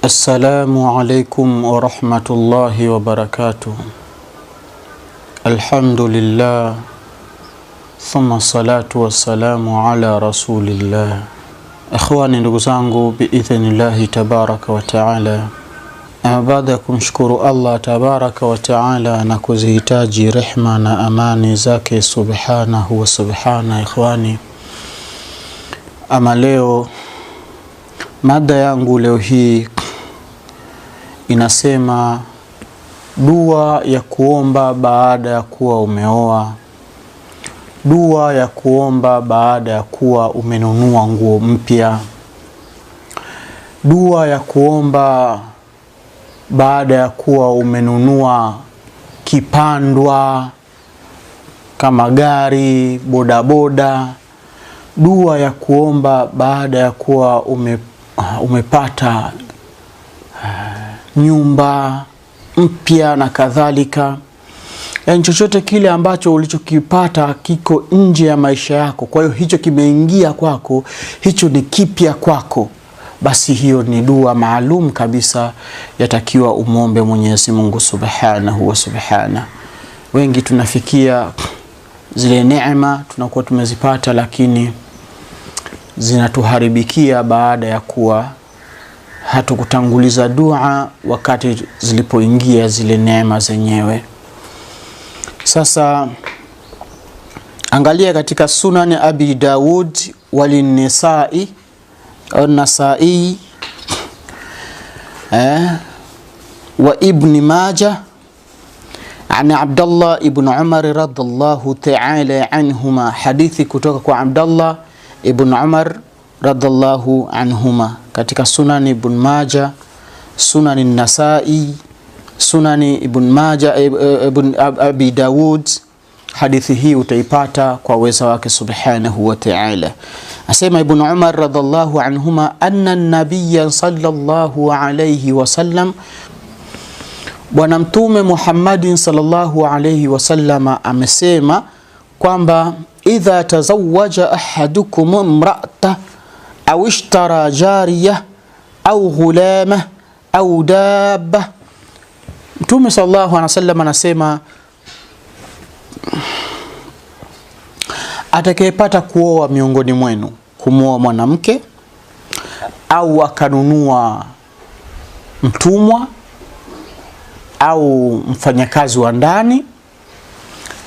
Assalamu alaikum warahmatullahi wabarakatuh. Alhamdulillah thumma salatu wassalamu ala rasulillah. Ikhwani, ndugu zangu, biidhnillahi tabaraka wa taala. baada ya kumshukuru Allah tabaraka wa taala na kuzihitaji rehma na amani zake subhanahu wa subhana, ikhwani, ama leo mada yangu leo hii inasema dua ya kuomba baada ya kuwa umeoa, dua ya kuomba baada ya kuwa umenunua nguo mpya, dua ya kuomba baada ya kuwa umenunua kipandwa kama gari, bodaboda, dua ya kuomba baada ya kuwa ume, uh, umepata nyumba mpya na kadhalika, yaani chochote kile ambacho ulichokipata kiko nje ya maisha yako, kwa hiyo hicho kimeingia kwako, hicho ni kipya kwako, basi hiyo ni dua maalum kabisa, yatakiwa umwombe Mwenyezi Mungu subhanahu wa subhana. Wengi tunafikia zile neema tunakuwa tumezipata, lakini zinatuharibikia baada ya kuwa hatukutanguliza dua wakati zilipoingia zile neema zenyewe. Sasa angalia katika Sunan Abi Daud walinisai Nasai eh, wa ibni maja an abdallah ibn Umar radhiallahu ta'ala anhuma, hadithi kutoka kwa abdllah ibn Umar radhiallahu anhuma katika Sunan Ibn Maja, Sunan Nasai, Sunan Ibn Maja, Ibn Abi Dawud. Hadithi hii utaipata kwa uweza wake subhanahu wa ta'ala. Asema Ibn Umar radhiallahu anhuma, anna nabiyya sallallahu alayhi wasallam, Bwana Mtume Muhammadin sallallahu alayhi wasallama amesema kwamba idha tazawaja ahadukum imra'ata au ishtara jariya au ghulama au daba Mtume sallallahu alaihi wasallam anasema atakayepata kuoa miongoni mwenu, kumwoa mwanamke au akanunua mtumwa au mfanyakazi wa ndani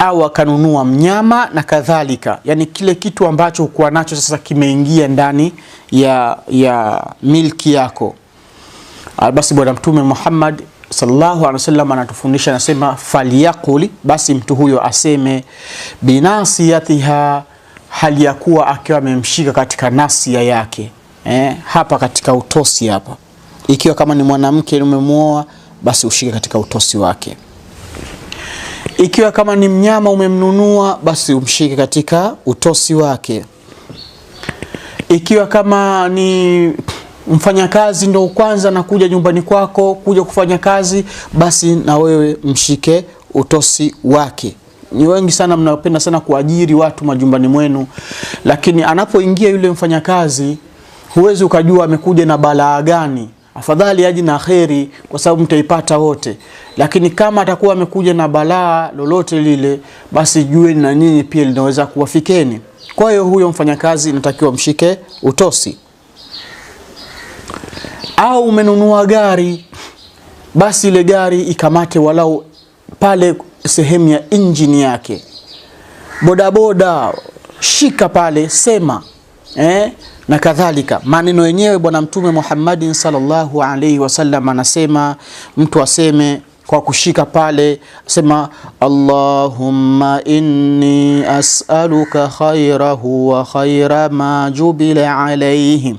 au akanunua mnyama na kadhalika, yani kile kitu ambacho kuwa nacho sasa kimeingia ndani ya, ya milki yako. Ah, basi Bwana Mtume Muhammad sallallahu alaihi wasallam anatufundisha, anasema falyaquli, basi mtu huyo aseme binasiyatiha, hali ya kuwa akiwa amemshika katika nasia yake eh, hapa katika utosi hapa, ikiwa kama ni mwanamke umemuoa, basi ushike katika utosi wake. Ikiwa kama ni mnyama umemnunua, basi umshike katika utosi wake. Ikiwa kama ni mfanyakazi ndo kwanza nakuja nyumbani kwako kuja kufanya kazi, basi na wewe mshike utosi wake. Ni wengi sana mnapenda sana kuajiri watu majumbani mwenu, lakini anapoingia yule mfanyakazi, huwezi ukajua amekuja na balaa gani afadhali aje na kheri, kwa sababu mtaipata wote. Lakini kama atakuwa amekuja na balaa lolote lile, basi jueni na nyinyi pia linaweza kuwafikeni. Kwa hiyo huyo mfanyakazi inatakiwa mshike utosi. Au umenunua gari, basi ile gari ikamate walau pale sehemu ya injini yake. Bodaboda shika pale, sema eh na kadhalika. Maneno yenyewe Bwana Mtume Muhammadin sallallahu alaihi wasallam anasema, mtu aseme kwa kushika pale, sema Allahumma inni as'aluka khairahu wa khaira ma jubila alayhi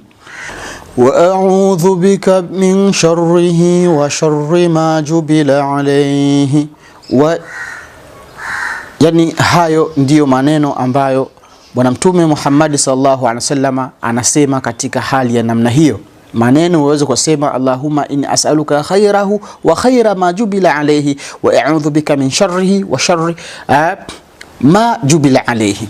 wa a'udhu bika min sharrihi wa sharri ma jubila alayhi wa... Yani, hayo ndiyo maneno ambayo Bwana Mtume Muhammad sallallahu alaihi wasallam anasema katika hali ya namna hiyo maneno waweza kusema Allahumma in as'aluka khairahu wa khaira ma jubila alayhi wa a'udhu bika min sharrihi wa sharri eh, ma jubila alayhi.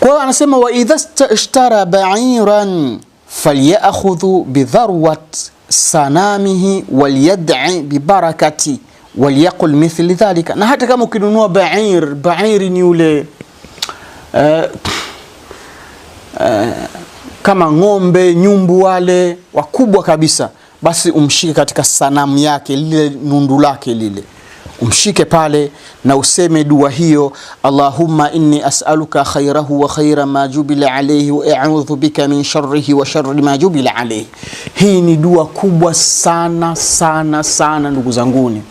Kwa anasema wa idha ishtara ba'iran falyakhudhu bidharwat sanamihi walyad'i bibarakati walyaqul mithli dhalika. Na hata kama ukinunua ba'ir, ba'iri ni ule Eh, eh, kama ng'ombe, nyumbu wale wakubwa kabisa, basi umshike katika sanamu yake lile nundu lake lile umshike pale na useme dua hiyo, Allahumma inni as'aluka khairahu wa khaira ma jubila alayhi wa a'udhu bika min sharrihi wa sharri ma jubila alayhi. Hii ni dua kubwa sana sana sana, ndugu zanguni,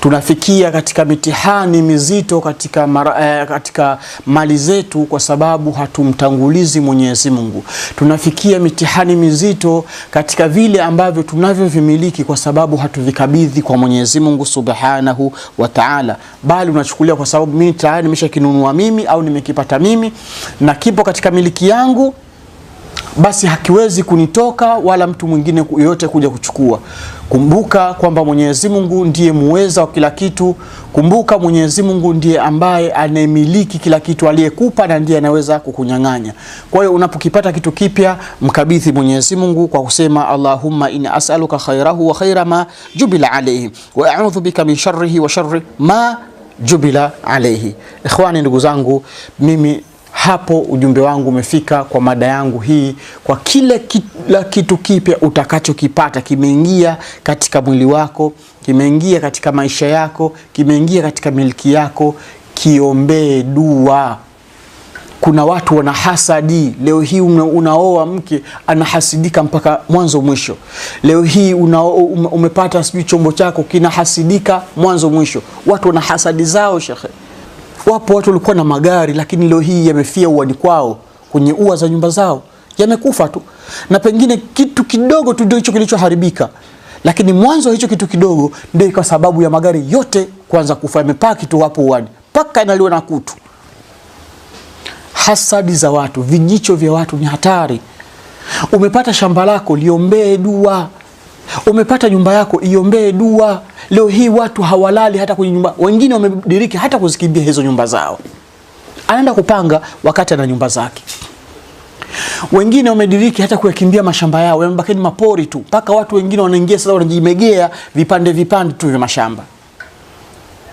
tunafikia katika mitihani mizito katika, mara, eh, katika mali zetu kwa sababu hatumtangulizi Mwenyezi Mungu. Tunafikia mitihani mizito katika vile ambavyo tunavyovimiliki kwa sababu hatuvikabidhi kwa Mwenyezi Mungu Subhanahu wa Ta'ala, bali unachukulia kwa sababu mimi tayari nimeshakinunua mimi au nimekipata mimi na kipo katika miliki yangu basi hakiwezi kunitoka wala mtu mwingine yoyote kuja kuchukua. Kumbuka kwamba Mwenyezi Mungu ndiye muweza wa kila kitu. Kumbuka Mwenyezi Mungu ndiye ambaye anemiliki kila kitu, aliyekupa na ndiye anaweza kukunyang'anya. Kwa hiyo unapokipata kitu kipya, mkabidhi Mwenyezi Mungu kwa kusema Allahumma inni as'aluka khairahu wa khaira ma jubila alayhi wa a'udhu bika min sharrihi wa sharri ma jubila alayhi. Ikhwani, ndugu zangu, mimi hapo ujumbe wangu umefika kwa mada yangu hii, kwa kile kila kitu kipya utakachokipata kimeingia katika mwili wako, kimeingia katika maisha yako, kimeingia katika miliki yako, kiombee dua. Kuna watu wana hasadi. Leo hii unaoa mke anahasidika mpaka mwanzo mwisho. Leo hii una, umepata sijui chombo chako kinahasidika mwanzo mwisho. Watu wana hasadi zao shekhe. Wapo watu walikuwa na magari, lakini leo hii yamefia uani kwao, kwenye ua za nyumba zao yamekufa tu, na pengine kitu kidogo tu ndio hicho kilichoharibika, lakini mwanzo hicho kitu kidogo ndio ikawa sababu ya magari yote kuanza kufa, yamepaki tu hapo uani mpaka inaliwa na kutu. Hasadi za watu, vijicho vya watu ni hatari. Umepata shamba lako, liombee dua Umepata nyumba yako, iombee dua. Leo hii watu hawalali hata kwenye nyumba, wengine wamediriki hata kuzikimbia hizo nyumba zao, anaenda kupanga wakati ana nyumba zake. Wengine wamediriki hata kuyakimbia mashamba yao, yamebaki ni mapori tu, mpaka watu wengine wanaingia sasa, wanajimegea vipande vipande tu vya mashamba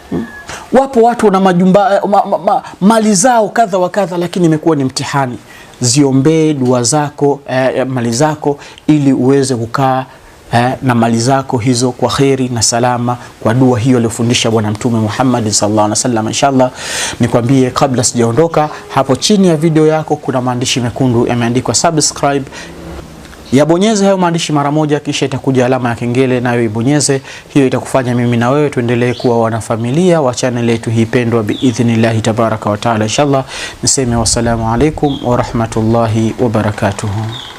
hmm? Wapo watu wana majumba eh, ma, ma, ma, mali zao kadha wa kadha, lakini imekuwa ni mtihani. Ziombee dua zako eh, eh mali zako ili uweze kukaa eh, na mali zako hizo kwa kheri na salama, kwa dua hiyo aliyofundisha Bwana Mtume Muhammad sallallahu alaihi wasallam. Inshallah nikwambie, kabla sijaondoka, hapo chini ya video yako kuna maandishi mekundu yameandikwa subscribe Yabonyeze hayo maandishi mara moja, kisha itakuja alama ya kengele, nayo ibonyeze. Hiyo itakufanya mimi na wewe tuendelee kuwa wanafamilia wa channel yetu hii pendwa, biidhnillahi tabaraka wa taala. Inshallah niseme wassalamu alaikum warahmatullahi wabarakatuhu.